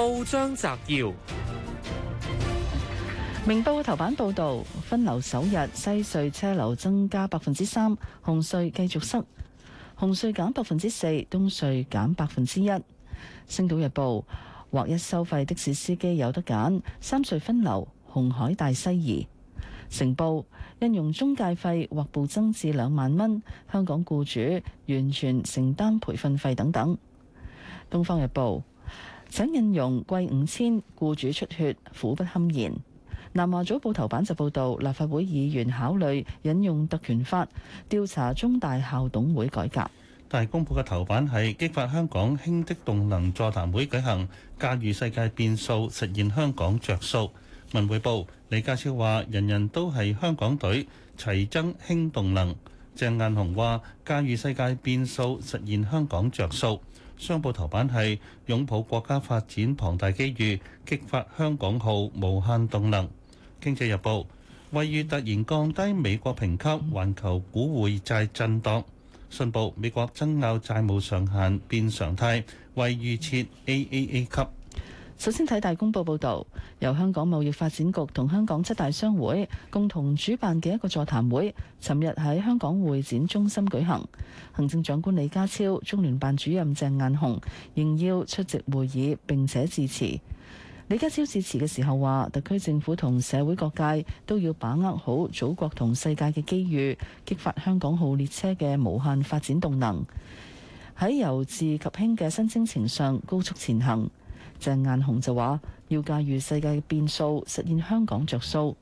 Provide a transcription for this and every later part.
報章摘要：明報頭版報道，分流首日西隧車流增加百分之三，紅隧繼續塞，紅隧減百分之四，東隧減百分之一。星島日報：劃一收費的士司機有得揀，三隧分流，紅海大西移。成報：印傭中介費或暴增至兩萬蚊，香港僱主完全承擔培訓費等等。東方日報。想引用貴五千，雇主出血，苦不堪言。南華早報頭版就報道，立法會議員考慮引用特權法調查中大校董會改革。大公報嘅頭版係激發香港輕的動能座談會舉行，駕馭世界變數，實現香港着數。文匯報李家超話：人人都係香港隊，齊增輕動能。鄭雁雄話：駕馭世界變數，實現香港着數。商報頭版係擁抱國家發展龐大機遇，激發香港號無限動能。經濟日報，惠譽突然降低美國評級，環球股匯債震盪。信報，美國爭拗債務上限變常態，惠譽設 AAA 級。首先睇大公報報導，由香港貿易發展局同香港七大商會共同主辦嘅一個座談會，尋日喺香港會展中心舉行。行政長官李家超、中聯辦主任鄭雁雄仍要出席會議並且致辭。李家超致辭嘅時候話，特區政府同社會各界都要把握好祖國同世界嘅機遇，激發香港號列車嘅無限發展動能，喺由治及興嘅新征程上高速前行。鄭雁雄就話：要駕馭世界嘅變數，實現香港着數。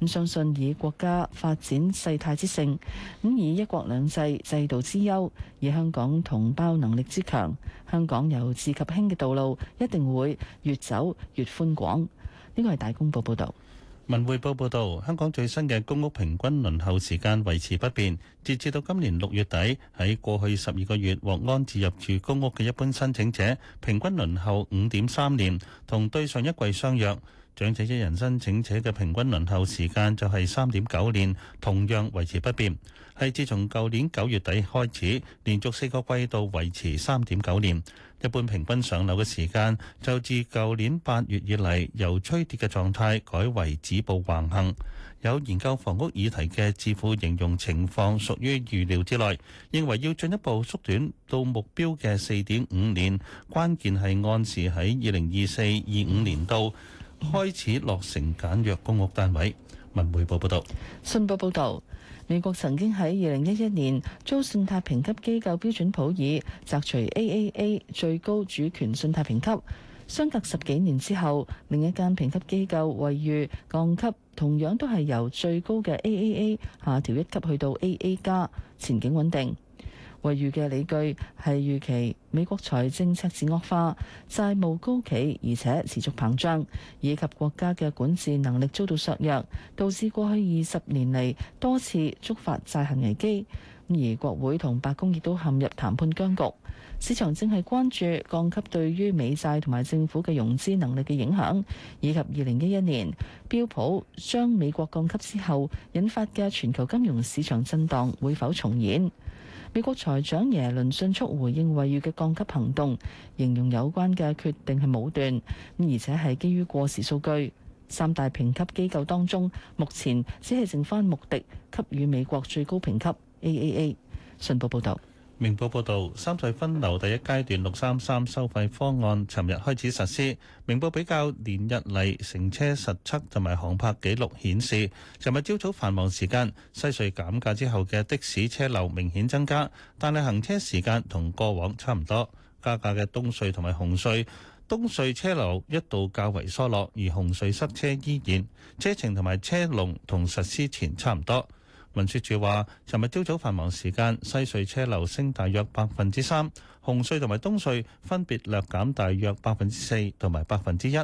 咁相信以國家發展勢態之盛，咁以一國兩制制度之優，以香港同胞能力之強，香港由治及興嘅道路一定會越走越寬廣。呢個係大公報報道。文匯報報道，香港最新嘅公屋平均輪候時間維持不變，截至到今年六月底，喺過去十二個月獲安置入住公屋嘅一般申請者，平均輪候五點三年，同對上一季相若。長者一人申請者嘅平均輪候時間就係三點九年，同樣維持不變，係自從舊年九月底開始，連續四個季度維持三點九年。一般平均上樓嘅時間就自舊年八月以嚟由趨跌嘅狀態改為止步橫行。有研究房屋議題嘅智庫形容情況屬於預料之內，認為要進一步縮短到目標嘅四點五年，關鍵係按時喺二零二四二五年度，開始落成簡約公屋單位。文匯報報導，信報報導，美國曾經喺二零一一年遭信貸評級機構標準普爾摘除 AAA 最高主權信貸評級。相隔十幾年之後，另一間評級機構惠譽降級，同樣都係由最高嘅 AAA 下調一級去到 AA 加，前景穩定。維預嘅理據係預期美國財政赤字惡化、債務高企，而且持續膨脹，以及國家嘅管治能力遭到削弱，導致過去二十年嚟多次觸發債限危機。而國會同白宮亦都陷入談判僵局，市場正係關注降級對於美債同埋政府嘅融資能力嘅影響，以及二零一一年標普將美國降級之後引發嘅全球金融市場震盪會否重演。美國財長耶倫迅速回應惠譽嘅降級行動，形容有關嘅決定係武斷，而且係基於過時數據。三大評級機構當中，目前只係剩翻穆迪給予美國最高評級 AAA。信報報道。明報報導，三隧分流第一階段六三三收費方案，尋日開始實施。明報比較連日嚟乘車實測同埋航拍記錄顯示，尋日朝早繁忙時間，西隧減價之後嘅的，的士車流明顯增加，但係行車時間同過往差唔多。加價嘅東隧同埋紅隧，東隧車流一度較為疏落，而紅隧塞車依然，車程同埋車龍同實施前差唔多。運輸署話，尋日朝早繁忙時間西隧車流升大約百分之三，紅隧同埋東隧分別略減大約百分之四同埋百分之一。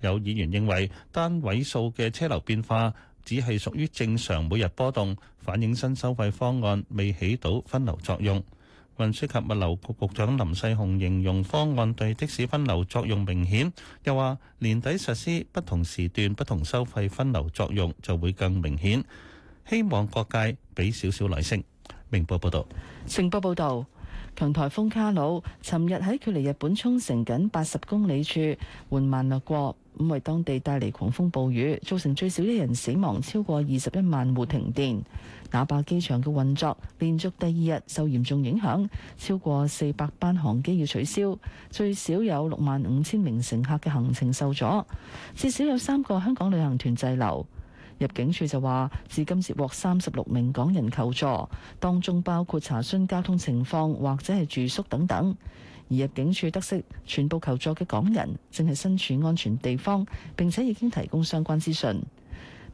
有議員認為單位數嘅車流變化只係屬於正常每日波動，反映新收費方案未起到分流作用。運輸及物流局局長林世雄形容方案對的士分流作用明顯，又話年底實施不同時段不同收費分流作用就會更明顯。希望各界俾少少耐性。明報報道，成報報道，強颱風卡努尋日喺距離日本沖繩僅八十公里處緩慢掠過，為當地帶嚟狂風暴雨，造成最少一人死亡，超過二十一萬戶停電。那霸機場嘅運作連續第二日受嚴重影響，超過四百班航機要取消，最少有六萬五千名乘客嘅行程受阻，至少有三個香港旅行團滯留。入境處就話，至今接獲三十六名港人求助，當中包括查詢交通情況或者係住宿等等。而入境處得悉，全部求助嘅港人正係身處安全地方，並且已經提供相關資訊。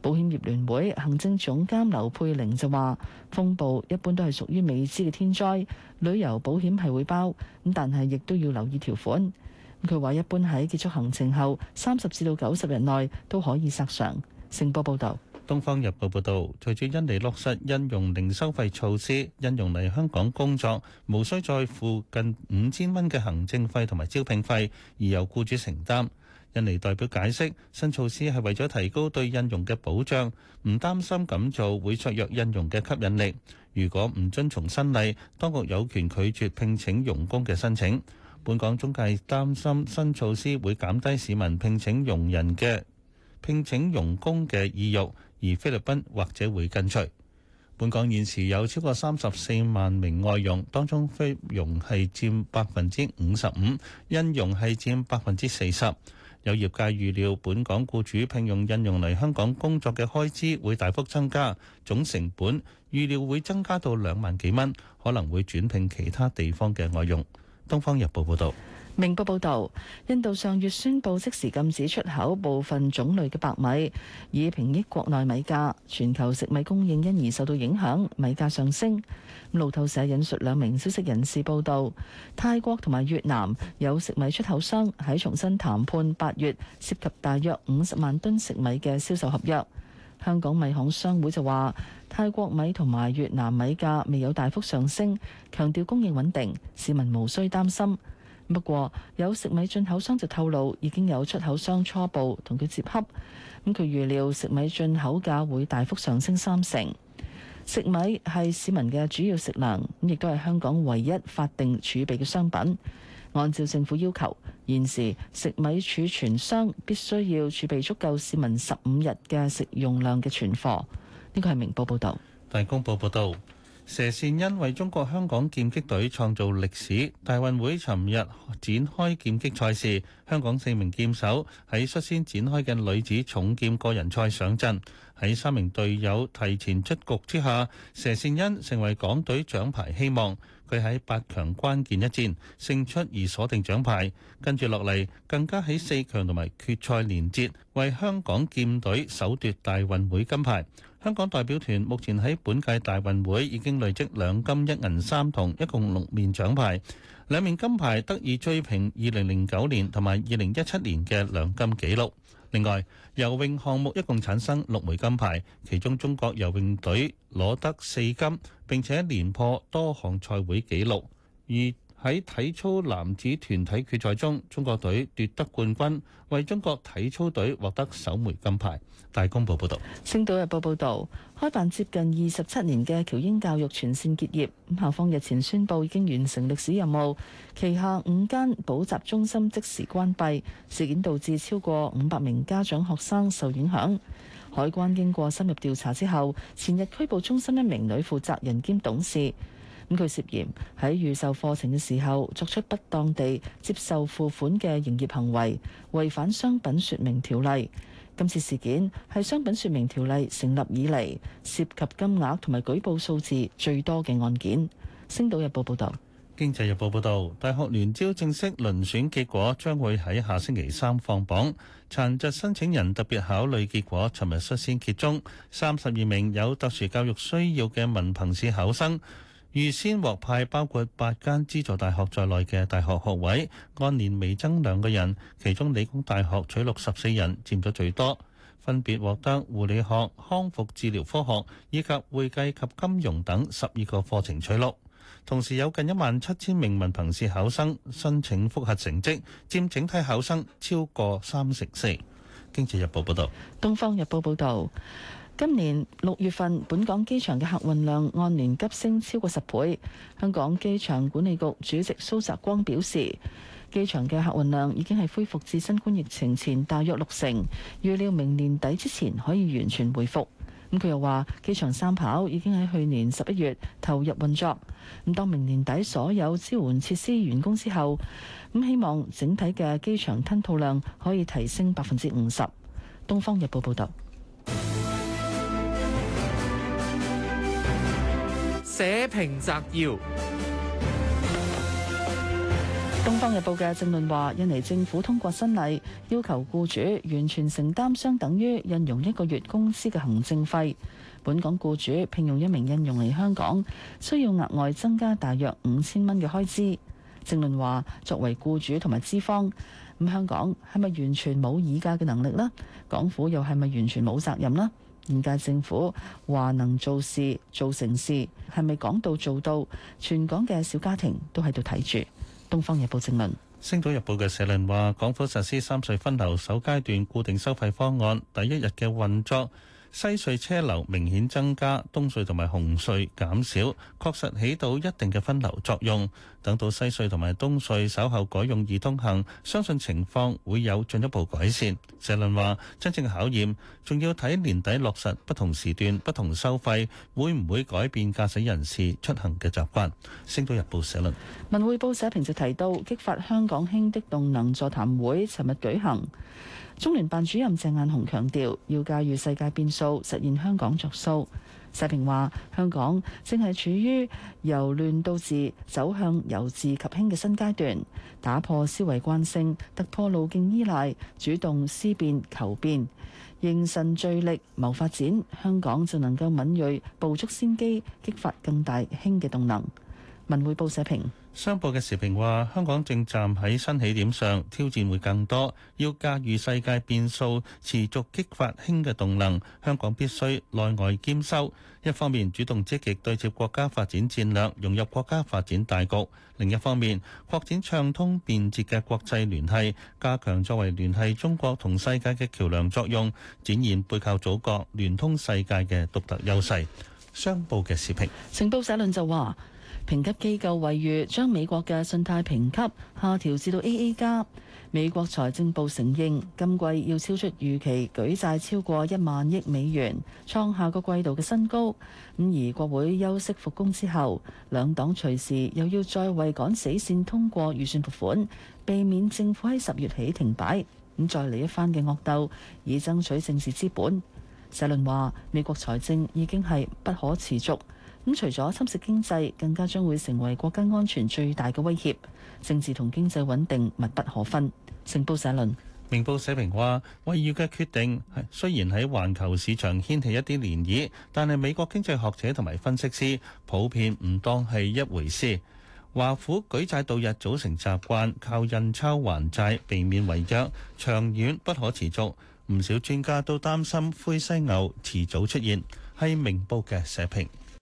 保險業聯會行政總監劉佩玲就話，風暴一般都係屬於未知嘅天災，旅遊保險係會包咁，但係亦都要留意條款。佢話，一般喺結束行程後三十至到九十日內都可以索償。成報報道：《東方日報》報導，隨住印尼落實印傭零收費措施，印傭嚟香港工作無需再付近五千蚊嘅行政費同埋招聘費，而由僱主承擔。印尼代表解釋，新措施係為咗提高對印傭嘅保障，唔擔心咁做會削弱印傭嘅吸引力。如果唔遵從新例，當局有權拒絕聘請傭工嘅申請。本港中介擔心新措施會減低市民聘請傭人嘅。聘請傭工嘅意欲，而菲律賓或者會跟隨。本港現時有超過三十四萬名外傭，當中菲傭係佔百分之五十五，印傭係佔百分之四十。有業界預料，本港僱主聘用印傭嚟香港工作嘅開支會大幅增加，總成本預料會增加到兩萬幾蚊，可能會轉聘其他地方嘅外傭。《東方日報》報導。明報報道，印度上月宣布即時禁止出口部分種類嘅白米，以平抑國內米價。全球食米供應因而受到影響，米價上升。路透社引述兩名消息人士報道，泰國同埋越南有食米出口商喺重新談判八月涉及大約五十萬噸食米嘅銷售合約，香港米行商會就話，泰國米同埋越南米價未有大幅上升，強調供應穩定，市民無需擔心。不過，有食米進口商就透露，已經有出口商初步同佢接洽。咁佢預料食米進口價會大幅上升三成。食米係市民嘅主要食糧，咁亦都係香港唯一法定儲備嘅商品。按照政府要求，現時食米儲存商必須要儲備足夠市民十五日嘅食用量嘅存貨。呢個係明報報道。大公報報道。佘善欣為中國香港劍擊隊創造歷史。大運會尋日展開劍擊賽事，香港四名劍手喺率先展開嘅女子重劍個人賽上陣，喺三名隊友提前出局之下，佘善欣成為港隊獎牌希望。佢喺八強關鍵一戰勝出而鎖定獎牌，跟住落嚟更加喺四強同埋決賽連捷，為香港劍隊首奪大運會金牌。香港代表團目前喺本屆大運會已經累積兩金一銀三銅，一共六面獎牌，兩面金牌得以追平二零零九年同埋二零一七年嘅兩金紀錄。另外，游泳項目一共產生六枚金牌，其中中國游泳隊攞得四金，並且連破多項賽會紀錄。喺體操男子團體決賽中，中國隊奪得冠軍，為中國體操隊獲得首枚金牌。大公報報道。《星島日報》報道，開辦接近二十七年嘅喬英教育全線結業。咁校方日前宣布已經完成歷史任務，旗下五間補習中心即時關閉。事件導致超過五百名家長學生受影響。海關經過深入調查之後，前日拘捕中心一名女負責人兼董事。咁，佢涉嫌喺預售課程嘅時候作出不當地接受付款嘅營業行為，違反商品說明條例。今次事件係商品說明條例成立以嚟，涉及金額同埋舉報數字最多嘅案件。星島日報報道。經濟日報報道，大學聯招正式遴選結果將會喺下星期三放榜，殘疾申請人特別考慮結果，尋日率先揭盅三十二名有特殊教育需要嘅文憑試考生。預先獲派包括八間資助大學在內嘅大學學位，按年微增兩個人，其中理工大學取錄十四人，佔咗最多，分別獲得護理學、康復治療科學以及會計及金融等十二個課程取錄。同時有近一萬七千名文憑試考生申請覆核成績，佔整體考生超過三成四。經濟日報報道，東方日報報道。今年六月份，本港機場嘅客運量按年急升超過十倍。香港機場管理局主席蘇澤光表示，機場嘅客運量已經係恢復至新冠疫情前大約六成，預料明年底之前可以完全恢復，咁佢又話機場三跑已經喺去年十一月投入運作。咁當明年底所有支援設施完工之後，咁希望整體嘅機場吞吐量可以提升百分之五十。《東方日報》報道。報章摘要：《東方日報》嘅正論話，印尼政府通過新例，要求僱主完全承擔相等於印傭一個月工資嘅行政費。本港僱主聘用一名印傭嚟香港，需要額外增加大約五千蚊嘅開支。正論話，作為僱主同埋資方，咁香港係咪完全冇議價嘅能力呢？港府又係咪完全冇責任呢？現屆政府話能做事、做成事，係咪講到做到？全港嘅小家庭都喺度睇住。《東方日報》正論，《星島日報》嘅社論話，港府實施三隧分流首階段固定收費方案第一日嘅運作。西隧車流明顯增加，東隧同埋紅隧減少，確實起到一定嘅分流作用。等到西隧同埋東隧稍後改用易通行，相信情況會有進一步改善。社論話：真正嘅考驗，仲要睇年底落實不同時段不同收費，會唔會改變駕駛人士出行嘅習慣？星島日報社論。文匯報社評就提到，激發香港輕的動能座談會，尋日舉行。中聯辦主任鄭雁雄強調，要駕馭世界變數，實現香港著數。社評話，香港正係處於由亂到治，走向由治及興嘅新階段，打破思維慣性，突破路徑依賴，主動思變求變，凝神聚力謀發展，香港就能夠敏鋭捕捉先機，激發更大興嘅動能。文匯報社評。商報嘅時評話：香港正站喺新起點上，挑戰會更多，要駕馭世界變數，持續激發興嘅動能。香港必須內外兼收，一方面主動積極對接國家發展戰略，融入國家發展大局；另一方面擴展暢通便捷嘅國際聯繫，加強作為聯繫中國同世界嘅橋梁作用，展現背靠祖國、聯通世界嘅獨特優勢。商報嘅時評，成報社論就話。評級機構惠譽將美國嘅信貸評級下調至到 AA 加。美國財政部承認今季要超出預期舉債超過一萬億美元，創下個季度嘅新高。咁而國會休息復工之後，兩黨隨時又要再為趕死線通過預算撥款，避免政府喺十月起停擺。咁再嚟一番嘅惡鬥，以爭取政治資本。社論話：美國財政已經係不可持續。咁除咗侵蝕經濟，更加將會成為國家安全最大嘅威脅。政治同經濟穩定密不可分。成報社論，明報社評話，重要嘅決定雖然喺環球市場掀起一啲漣漪，但係美國經濟學者同埋分析師普遍唔當係一回事。華府舉債度日，早成習慣靠印鈔還債，避免違約，長遠不可持續。唔少專家都擔心灰犀牛遲早出現，係明報嘅社評。